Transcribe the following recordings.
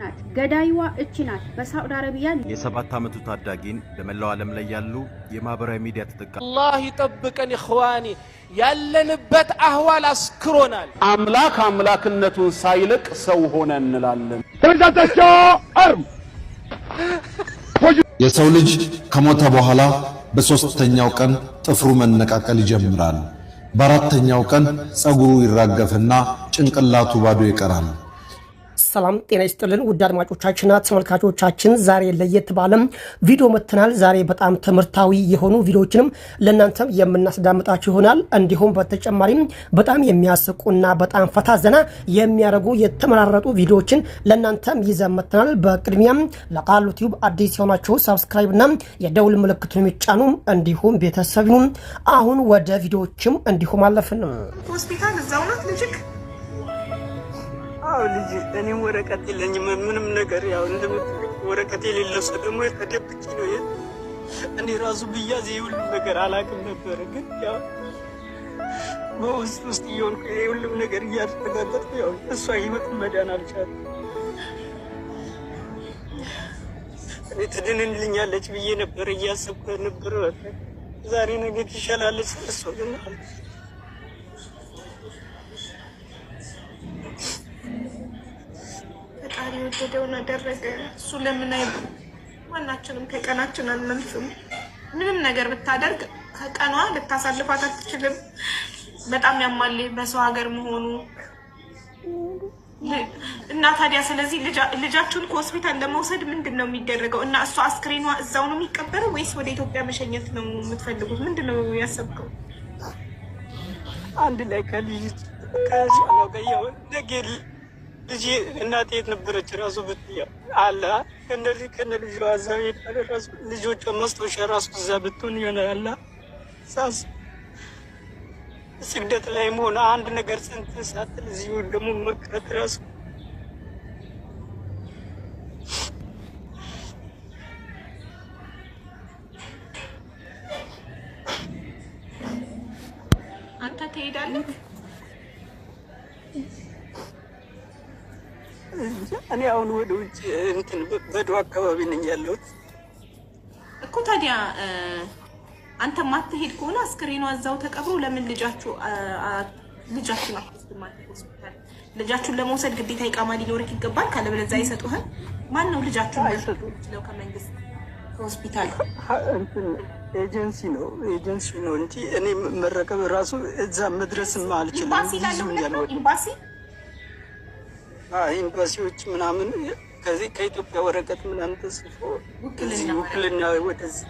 ናት። ገዳይዋ እቺ ናት። በሳዑዲ አረቢያ የሰባት ዓመቱ ታዳጊን በመላው ዓለም ላይ ያሉ የማህበራዊ ሚዲያ ተጠቃሚ አላህ ይጠብቀን። ይኸዋኔ ያለንበት አህዋል አስክሮናል። አምላክ አምላክነቱን ሳይልቅ ሰው ሆነ እንላለን። አርም የሰው ልጅ ከሞተ በኋላ በሦስተኛው ቀን ጥፍሩ መነቃቀል ይጀምራል። በአራተኛው ቀን ፀጉሩ ይራገፍና ጭንቅላቱ ባዶ ይቀራል። ሰላም ጤና ይስጥልን ውድ አድማጮቻችንና ተመልካቾቻችን ዛሬ ለየት ባለም ቪዲዮ መጥተናል። ዛሬ በጣም ትምህርታዊ የሆኑ ቪዲዮዎችንም ለእናንተም የምናስዳምጣችሁ ይሆናል። እንዲሁም በተጨማሪም በጣም የሚያስቁና በጣም ፈታ ዘና የሚያደርጉ የተመራረጡ ቪዲዮዎችን ለእናንተም ይዘን መጥተናል። በቅድሚያም ለቃሉ ቲዩብ አዲስ የሆናችሁ ሰብስክራይብ እና የደውል ምልክቱን የሚጫኑ እንዲሁም ቤተሰብ አሁን ወደ ቪዲዮዎችም እንዲሁም አለፍንም ሆስፒታል ልጅክ አዎ ልጅ እኔም ወረቀት የለኝም ምንም ነገር ያው እንደምትልቅ ወረቀት የሌለው ሰው ደግሞ ተደብቂ ነው። እኔ ራሱ ብያዝ የሁሉም ነገር አላውቅም ነበረ፣ ግን ያው በውስጥ ውስጥ እየሆንኩ የሁሉም ነገር እያረጋገጥኩ ያው እሷ ህይወት መዳን አልቻለም። እኔ ትድንልኛለች ብዬ ነበረ እያሰብኩ ነበረ። ዛሬ ነገ ትሻላለች እሷ ግን አለች ፈጣሪ የወደደውን አደረገ። እሱ ለምን አይ ማናችንም ከቀናችን አንመልስም። ምንም ነገር ብታደርግ ከቀኗ ልታሳልፋት አትችልም። በጣም ያማል በሰው ሀገር መሆኑ እና ታዲያ ስለዚህ ልጃችሁን ከሆስፒታል ለመውሰድ ምንድን ነው የሚደረገው? እና እሷ አስክሬኗ እዛው ነው የሚቀበረው ወይስ ወደ ኢትዮጵያ መሸኘት ነው የምትፈልጉት? ምንድን ነው ያሰብከው? አንድ ላይ ከልጅ ከሽ ነው ልጅ እናት የት ነበረች? ራሱ ብትያ አለ ከነዚህ ከነ ልጅ አዛብ ራሱ ልጆቿ መስጦሻ ራሱ እዛ ብትሆን የሆነ አለ ሳስ ስግደት ላይ መሆን አንድ ነገር ጽንት ሳትል እዚሁ ደግሞ መቅረት ራሱ አሁን ወደ ውጭ እንትን በዶ አካባቢ ነኝ ያለሁት እኮ። ታዲያ አንተ ማትሄድ ከሆነ አስክሬኗ እዛው ተቀብሮ ለምን ልጃችሁ ልጃችሁ ነው ሆስፒታል ልጃችሁን ለመውሰድ ግዴታ ይቃማ ሊኖርህ ይገባል። ካለበለዚያ አይሰጡህም። ማን ነው ልጃችሁን ነው? ከመንግስት ሆስፒታል ኤጀንሲ ነው ኤጀንሲ ነው እንጂ እኔ መረከብ ራሱ እዛ መድረስም አልችልም። ኤምባሲ ኤምባሲዎች ምናምን ከዚህ ከኢትዮጵያ ወረቀት ምናምን ተጽፎ ውክልና ወደዚህ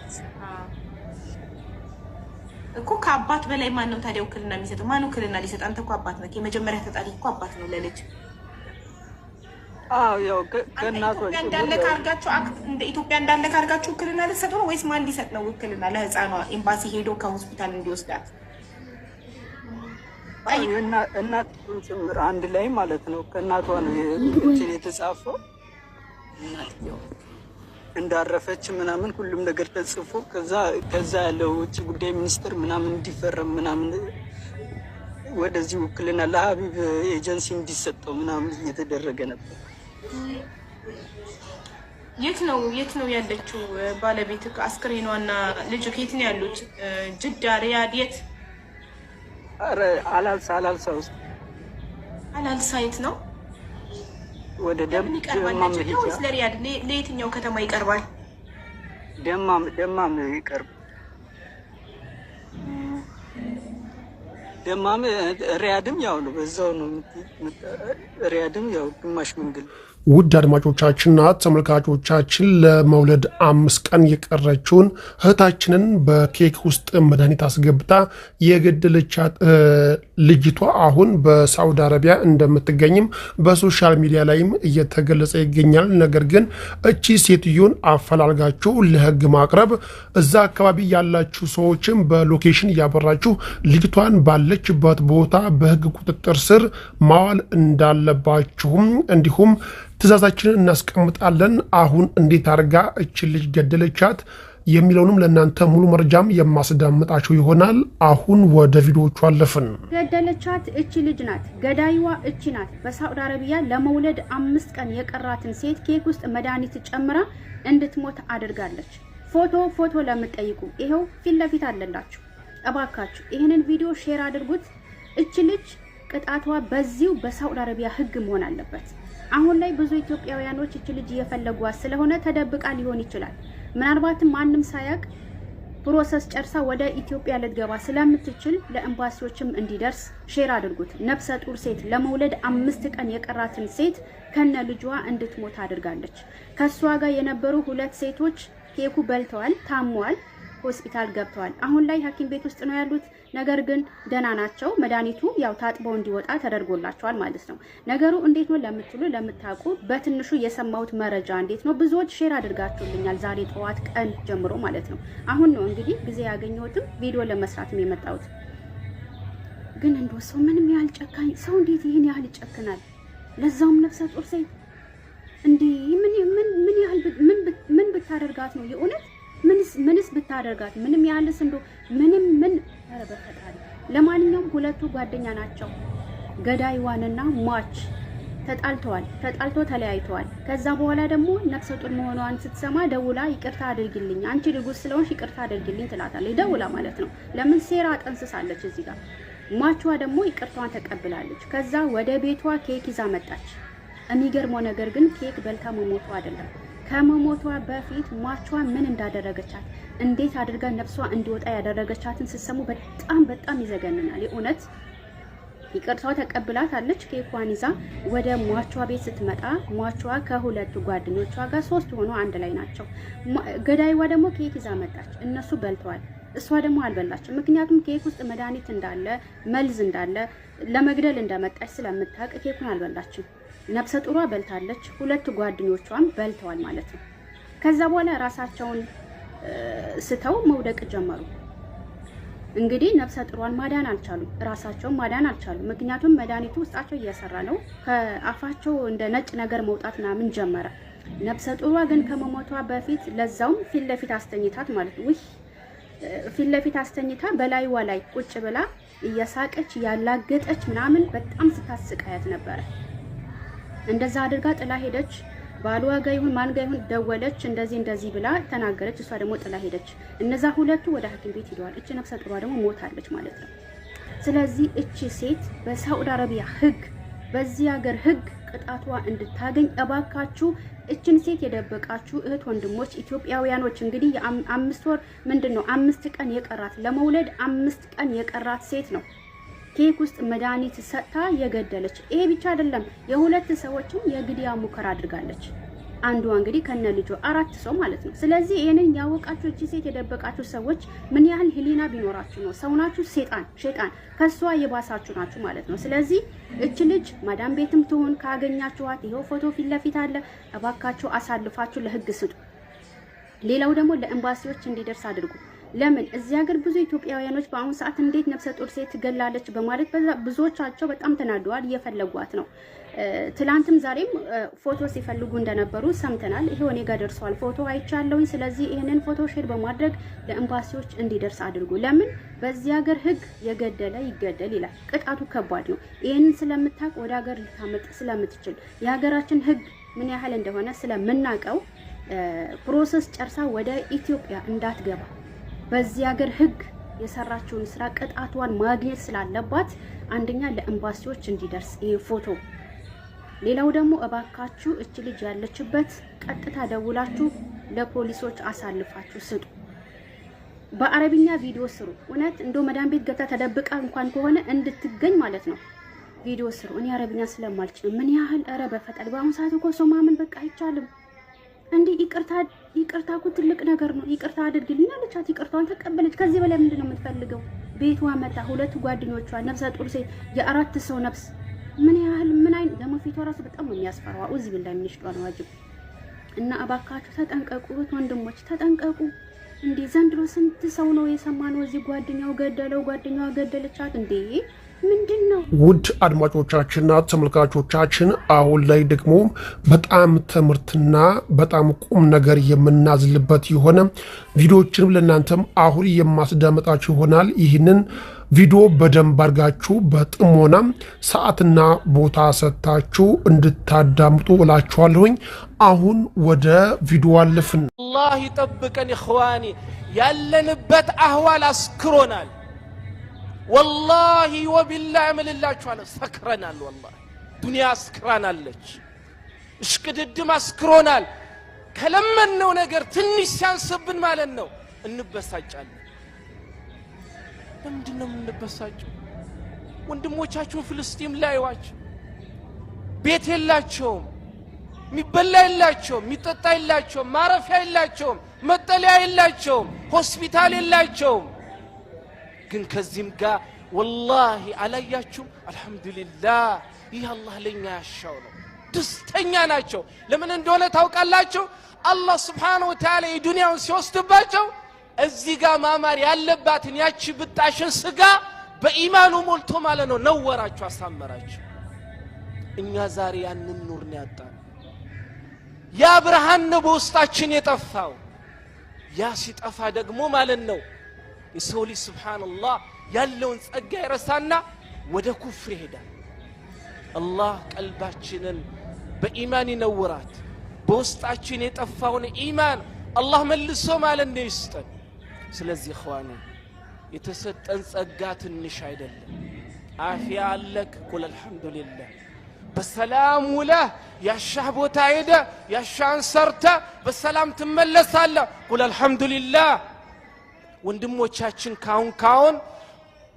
እኮ ከአባት በላይ ማን ነው ታዲያ ውክልና የሚሰጠው? ማን ውክልና ሊሰጥ? አንተ እኮ አባት ነው። የመጀመሪያ ተጣሪ እኮ አባት ነው ለልጅ ኢትዮጵያ እንዳለ ካርጋችሁ እንደ ኢትዮጵያ እንዳለ ካርጋችሁ ውክልና ልትሰጡ ነው ወይስ ማን ሊሰጥ ነው ውክልና ለህፃኗ? ኤምባሲ ሄዶ ከሆስፒታል እንዲወስዳት እናት ጭምር አንድ ላይ ማለት ነው። ከእናቷ ነው እንትን የተጻፈው እንዳረፈች ምናምን ሁሉም ነገር ተጽፎ ከዛ ያለው ውጭ ጉዳይ ሚኒስትር ምናምን እንዲፈረም ምናምን ወደዚህ ውክልና ለሀቢብ ኤጀንሲ እንዲሰጠው ምናምን እየተደረገ ነበር። የት ነው የት ነው ያለችው ባለቤት? አስክሬኗና ልጁ የት ነው ያሉት? ጅዳ ሪያድ የት አረ አላልሳ አላልሳ ውስጥ አላልሳ አይነት ነው። ወደ ደም ይቀርባል ለሪያድ ለየትኛው ከተማ ይቀርባል? ደማም ደማም ይቀርብ ደማም ሪያድም ያው ነው፣ በዛው ነው ሪያድም ያው ግማሽ መንገድ ውድ አድማጮቻችንና ተመልካቾቻችን ለመውለድ አምስት ቀን የቀረችውን እህታችንን በኬክ ውስጥ መድኃኒት አስገብታ የገደለቻት ልጅቷ አሁን በሳውዲ አረቢያ እንደምትገኝም በሶሻል ሚዲያ ላይም እየተገለጸ ይገኛል። ነገር ግን እቺ ሴትዮን አፈላልጋችሁ ለህግ ማቅረብ እዛ አካባቢ ያላችሁ ሰዎችም በሎኬሽን እያበራችሁ ልጅቷን ባለችበት ቦታ በህግ ቁጥጥር ስር ማዋል እንዳለባችሁም እንዲሁም ትእዛዛችንን እናስቀምጣለን። አሁን እንዴት አድርጋ እችን ልጅ ገደለቻት የሚለውንም ለእናንተ ሙሉ መረጃም የማስዳምጣቸው ይሆናል። አሁን ወደ ቪዲዮቹ አለፍን። ገደለቻት እቺ ልጅ ናት፣ ገዳይዋ እቺ ናት። በሳዑዲ አረቢያ ለመውለድ አምስት ቀን የቀራትን ሴት ኬክ ውስጥ መድኃኒት ጨምራ እንድትሞት አድርጋለች። ፎቶ ፎቶ ለምትጠይቁ ይኸው ፊት ለፊት አለላችሁ። እባካችሁ ይህንን ቪዲዮ ሼር አድርጉት። እቺ ልጅ ቅጣቷ በዚሁ በሳዑዲ አረቢያ ህግ መሆን አለበት። አሁን ላይ ብዙ ኢትዮጵያውያኖች እች ልጅ እየፈለጓት ስለሆነ ተደብቃ ሊሆን ይችላል። ምናልባትም ማንም ሳያቅ ፕሮሰስ ጨርሳ ወደ ኢትዮጵያ ልትገባ ስለምትችል ለኤምባሲዎችም እንዲደርስ ሼር አድርጉት። ነፍሰ ጡር ሴት ለመውለድ አምስት ቀን የቀራትን ሴት ከነ ልጇ እንድትሞት አድርጋለች። ከእሷ ጋር የነበሩ ሁለት ሴቶች ኬኩ በልተዋል፣ ታመዋል። ሆስፒታል ገብተዋል። አሁን ላይ ሐኪም ቤት ውስጥ ነው ያሉት። ነገር ግን ደህና ናቸው። መድኃኒቱ ያው ታጥበው እንዲወጣ ተደርጎላቸዋል ማለት ነው። ነገሩ እንዴት ነው ለምትሉ ለምታውቁ በትንሹ የሰማሁት መረጃ እንዴት ነው ብዙዎች ሼር አድርጋችሁልኛል ዛሬ ጠዋት ቀን ጀምሮ ማለት ነው። አሁን ነው እንግዲህ ጊዜ ያገኘሁትም ቪዲዮ ለመስራትም የመጣሁት። ግን እንዶ ሰው ምንም ያህል ጨካኝ ሰው እንዴት ይህን ያህል ይጨክናል? ለዛውም ነፍሰ ጡር ሴት እንዲህ ምን ምን ምን ያህል ምን ብታደርጋት ነው የእውነት ምንስ ምንስ ብታደርጋት ምንም ያህልስ እንዶ ምንም ምን ኧረ በፈጣሪ ለማንኛውም ሁለቱ ጓደኛ ናቸው። ገዳይዋንና ሟች ተጣልተዋል። ተጣልቶ ተለያይተዋል። ከዛ በኋላ ደግሞ ነፍሰ ጡር መሆኗን ስትሰማ ደውላ ይቅርታ አድርግልኝ፣ አንቺ ድጉስ ስለሆንሽ ይቅርታ አድርግልኝ ትላታለች። ደውላ ማለት ነው። ለምን ሴራ ጠንስሳለች እዚህ ጋር። ሟቿ ደግሞ ይቅርቷን ተቀብላለች። ከዛ ወደ ቤቷ ኬክ ይዛ መጣች። የሚገርመው ነገር ግን ኬክ በልታ መሞቱ አይደለም ከመሞቷ በፊት ሟቿ ምን እንዳደረገቻት እንዴት አድርጋ ነፍሷ እንዲወጣ ያደረገቻትን ስትሰሙ በጣም በጣም ይዘገንናል። የእውነት ተቀብላት አለች። ኬኳን ይዛ ወደ ሟቿ ቤት ስትመጣ ሟቿ ከሁለቱ ጓደኞቿ ጋር ሶስት ሆኖ አንድ ላይ ናቸው። ገዳይዋ ደግሞ ኬክ ይዛ መጣች። እነሱ በልተዋል። እሷ ደግሞ አልበላችም። ምክንያቱም ኬክ ውስጥ መድኃኒት እንዳለ መልዝ እንዳለ ለመግደል እንደመጣች ስለምታውቅ ኬኩን አልበላችም። ነብሰ ጡሯ በልታለች፣ ሁለት ጓደኞቿም በልተዋል ማለት ነው። ከዛ በኋላ ራሳቸውን ስተው መውደቅ ጀመሩ። እንግዲህ ነብሰ ጥሯን ማዳን አልቻሉም፣ ራሳቸውን ማዳን አልቻሉም። ምክንያቱም መድኃኒቱ ውስጣቸው እየሰራ ነው። ከአፋቸው እንደ ነጭ ነገር መውጣት ምናምን ጀመረ። ነብሰ ጥሯ ግን ከመሞቷ በፊት ለዛውም ፊት ለፊት አስተኝታት ማለት ነው ውይ ፊት ለፊት አስተኝታ በላይዋ ላይ ቁጭ ብላ እየሳቀች ያላገጠች ምናምን በጣም ስታስቃያት ነበረ። እንደዛ አድርጋ ጥላ ሄደች። ባሏ ጋ ይሁን ማን ጋ ይሁን ደወለች። እንደዚህ እንደዚህ ብላ ተናገረች። እሷ ደግሞ ጥላ ሄደች። እነዛ ሁለቱ ወደ ሐኪም ቤት ሄደዋል። እች ነፍሰ ጥሯ ደግሞ ሞታለች ማለት ነው። ስለዚህ እቺ ሴት በሳዑዲ አረቢያ ህግ በዚህ ሀገር ህግ ቅጣቷ እንድታገኝ እባካችሁ እችን ሴት የደበቃችሁ እህት ወንድሞች ኢትዮጵያውያኖች እንግዲህ አምስት ወር ምንድን ነው አምስት ቀን የቀራት ለመውለድ አምስት ቀን የቀራት ሴት ነው ኬክ ውስጥ መድኃኒት ሰጥታ የገደለች። ይሄ ብቻ አይደለም፣ የሁለት ሰዎችን የግድያ ሙከራ አድርጋለች። አንዷ እንግዲህ ከነ ልጁ አራት ሰው ማለት ነው። ስለዚህ ይሄንን ያወቃችሁ እቺ ሴት የደበቃችሁ ሰዎች ምን ያህል ህሊና ቢኖራችሁ ነው? ሰውናችሁ ሴጣን ሸጣን ከሷ የባሳችሁ ናችሁ ማለት ነው። ስለዚህ እቺ ልጅ ማዳም ቤትም ትሆን ካገኛችኋት፣ ይሄው ፎቶ ፊት ለፊት አለ። እባካችሁ አሳልፋችሁ ለህግ ስጡ። ሌላው ደግሞ ለኤምባሲዎች እንዲደርስ አድርጉ። ለምን እዚህ ሀገር ብዙ ኢትዮጵያውያኖች በአሁኑ ሰዓት እንዴት ነፍሰ ጡር ሴት ትገላለች በማለት ብዙዎቻቸው በጣም ተናደዋል። እየፈለጓት ነው። ትላንትም ዛሬም ፎቶ ሲፈልጉ እንደነበሩ ሰምተናል። ይሄ እኔ ጋር ደርሰዋል። ፎቶ አይቻለውኝ። ስለዚህ ይህንን ፎቶ ሼር በማድረግ ለኤምባሲዎች እንዲደርስ አድርጉ። ለምን በዚህ ሀገር ህግ የገደለ ይገደል ይላል። ቅጣቱ ከባድ ነው። ይህንን ስለምታውቅ ወደ ሀገር ልታመጥ ስለምትችል የሀገራችን ህግ ምን ያህል እንደሆነ ስለምናውቀው ፕሮሰስ ጨርሳ ወደ ኢትዮጵያ እንዳትገባ በዚህ ሀገር ህግ የሰራችውን ስራ ቅጣቷን ማግኘት ስላለባት አንደኛ ለኤምባሲዎች እንዲደርስ ይህ ፎቶ፣ ሌላው ደግሞ እባካችሁ እች ልጅ ያለችበት ቀጥታ ደውላችሁ ለፖሊሶች አሳልፋችሁ ስጡ። በአረብኛ ቪዲዮ ስሩ። እውነት እንደው መዳን ቤት ገብታ ተደብቃ እንኳን ከሆነ እንድትገኝ ማለት ነው። ቪዲዮ ስሩ። እኔ አረብኛ ስለማልችል ምን ያህል ረ በፈጠል በአሁኑ ሰዓት እኮ ሶማምን በቃ አይቻልም። እንዲህ ይቅርታ ይቅርታ እኮ ትልቅ ነገር ነው፣ ይቅርታ አድርግልኝ አለቻት። ይቅርታውን ተቀበለች። ከዚህ በላይ ምንድን ነው የምትፈልገው? ቤቷ መጣ፣ ሁለቱ ጓደኞቿ ነፍሰ ጡር ሴት የአራት ሰው ነፍስ ምን ያህል ምን አይነት ደግሞ ፊቷ ራሱ በጣም ነው የሚያስፈራው። አኡዝ ቢላሂ ሚነሽ ሸይጧን ዋጅብ እና እባካችሁ ተጠንቀቁ፣ ወንድሞች ተጠንቀቁ። እንዴ ዘንድሮ ስንት ሰው ነው የሰማነው? እዚህ ጓደኛው ገደለው፣ ጓደኛዋ ገደለቻት እንዴ ውድ አድማጮቻችንና ተመልካቾቻችን አሁን ላይ ደግሞ በጣም ትምህርትና በጣም ቁም ነገር የምናዝልበት የሆነ ቪዲዮዎችንም ለእናንተም አሁን የማስዳመጣችሁ ይሆናል። ይህንን ቪዲዮ በደንብ አድርጋችሁ በጥሞና ሰዓትና ቦታ ሰጥታችሁ እንድታዳምጡ እላችኋለሁኝ። አሁን ወደ ቪዲዮ አልፍን። አላህ ይጠብቀን። ይኸዋኔ ያለንበት አህዋል አስክሮናል። ወላሂ ወቢላ እምልላችኋለሁ ሰክረናል። ወላሂ ዱንያ አስክራናለች፣ እሽቅድድም አስክሮናል። ከለመነው ነገር ትንሽ ሲያንስብን ማለት ነው እንበሳጫለን። ለምንድን ነው የምንበሳጨው? ወንድሞቻችሁን ፍልስጢም ላይዋቸው ቤት የላቸውም፣ የሚበላ የላቸውም፣ የሚጠጣ የላቸውም፣ ማረፊያ የላቸውም፣ መጠለያ የላቸውም፣ ሆስፒታል የላቸውም። ግን ከዚህም ጋር ወላሂ አላያችሁም፣ አልሐምዱሊላህ ይህ አላህ ለኛ ያሻው ነው። ደስተኛ ናቸው። ለምን እንደሆነ ታውቃላችሁ? አላህ ስብሓነ ወተዓላ የዱንያውን ሲወስድባቸው እዚህ ጋር ማማር ያለባትን ያቺ ብጣሽን ስጋ በኢማኑ ሞልቶ ማለት ነው ነወራችሁ፣ አሳመራችሁ። እኛ ዛሬ ያንን ኑርን ነው ያ ብርሃን በውስጣችን የጠፋው። ያ ሲጠፋ ደግሞ ማለት ነው የሰው ልጅ ስብሓንላህ ያለውን ጸጋ ይረሳና ወደ ኩፍር ይሄዳል። አላህ ቀልባችንን በኢማን ይነውራት። በውስጣችን የጠፋውን ኢማን አላህ መልሶ ማለት ነው ይስጠን። ስለዚህ እኽዋኑ የተሰጠን ጸጋ ትንሽ አይደለም። አፊያ አለክ ቁል አልሐምዱሊላህ በሰላም ውለህ ያሻህ ቦታ ሄደ ያሻህን ሰርተ በሰላም ትመለሳለህ። ቁል አልሐምዱሊላህ ወንድሞቻችን ካሁን ካሁን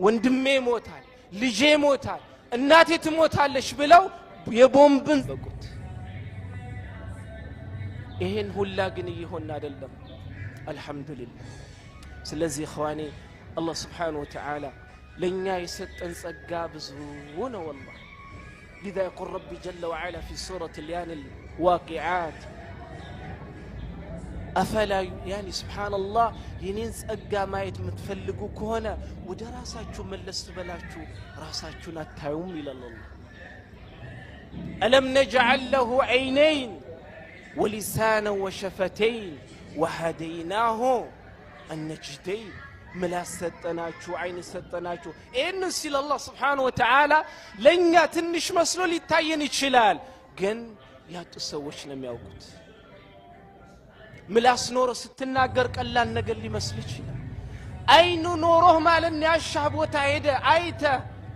ወንድሜ ሞታል፣ ልጄ ሞታል፣ እናቴ ትሞታለች ብለው የቦምብን በቁት። ይሄን ሁላ ግን እየሆን አይደለም። አልሐምዱሊላህ። ስለዚህ ኸዋኔ አላህ ስብሓነሁ ወተዓላ ለእኛ የሰጠን ጸጋ ብዙ ነው። ወላሂ ሊዛ የቁል ረቢ ጀለ ወዓላ ፊ ሱረት ልያን ልዋቂዓት أفلا يعني سبحان الله ينينز أقا ما يتمتفلقو كونا ودا راساتشو ملست بلاتشو راساتشو نتايوم إلى الله ألم نجعل له عينين ولسانا وشفتين وهديناه النجدين ملا ستناتشو عين ستناتشو إن سيل الله سبحانه وتعالى لن يتنش مسلول يتعيني شلال جن يا تسوش لم يوقت ምላስ ኖሮ ስትናገር ቀላል ነገር ሊመስል ይችላል። አይኑ ኖሮህ ማለት ነው ያሻህ ቦታ ሄደ አይተ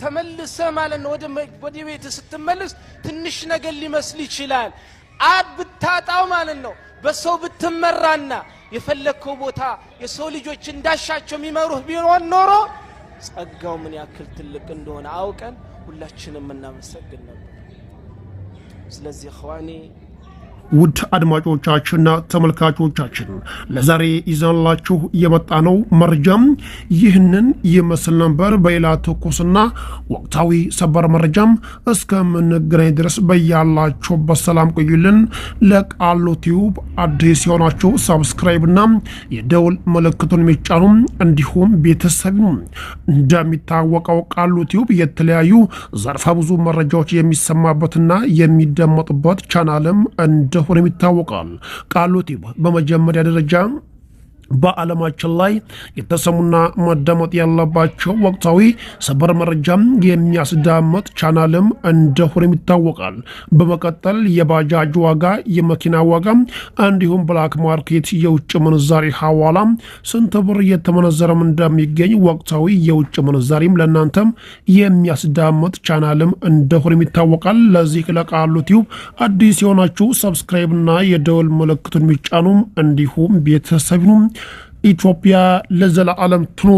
ተመልሰ ማለት ነው ወደ ቤት ስትመልስ ትንሽ ነገር ሊመስል ይችላል። አብ ብታጣው ማለት ነው በሰው ብትመራና የፈለግከው ቦታ የሰው ልጆች እንዳሻቸው የሚመሩህ ቢሆን ኖሮ ጸጋው ምን ያክል ትልቅ እንደሆነ አውቀን ሁላችንም እናመሰግን ነበር። ስለዚህ ኸዋኔ ውድ አድማጮቻችንና ተመልካቾቻችን ለዛሬ ይዘንላችሁ የመጣ ነው መረጃም ይህንን ይመስል ነበር። በሌላ ትኩስና ወቅታዊ ሰበር መረጃም እስከምንገናኝ ድረስ በያላችሁበት ሰላም ቆዩልን። ለቃሉ ቲዩብ አዲስ የሆናችሁ ሳብስክራይብና የደውል ምልክቱን የሚጫኑ እንዲሁም ቤተሰብ እንደሚታወቀው ቃሉ ቲዩብ የተለያዩ ዘርፈ ብዙ መረጃዎች የሚሰማበትና የሚደመጡበት ቻናልም እንደ እንደሆነም ይታወቃል። ቃሊቲ በመጀመሪያ ደረጃ በዓለማችን ላይ የተሰሙና መደመጥ ያለባቸው ወቅታዊ ሰበር መረጃም የሚያስዳመጥ ቻናልም እንደሆነም ይታወቃል። በመቀጠል የባጃጅ ዋጋ፣ የመኪና ዋጋ እንዲሁም ብላክ ማርኬት የውጭ ምንዛሪ ሐዋላ ስንት ብር እየተመነዘረም እንደሚገኝ ወቅታዊ የውጭ ምንዛሪም ለእናንተም የሚያስዳመጥ ቻናልም እንደሆነም ይታወቃል። ለዚህ ለቃሉ ቲዩብ አዲስ የሆናችሁ ሰብስክራይብና የደወል ምልክቱን የሚጫኑም እንዲሁም ቤተሰብ ኢትዮጵያ ለዘለዓለም ትኑር።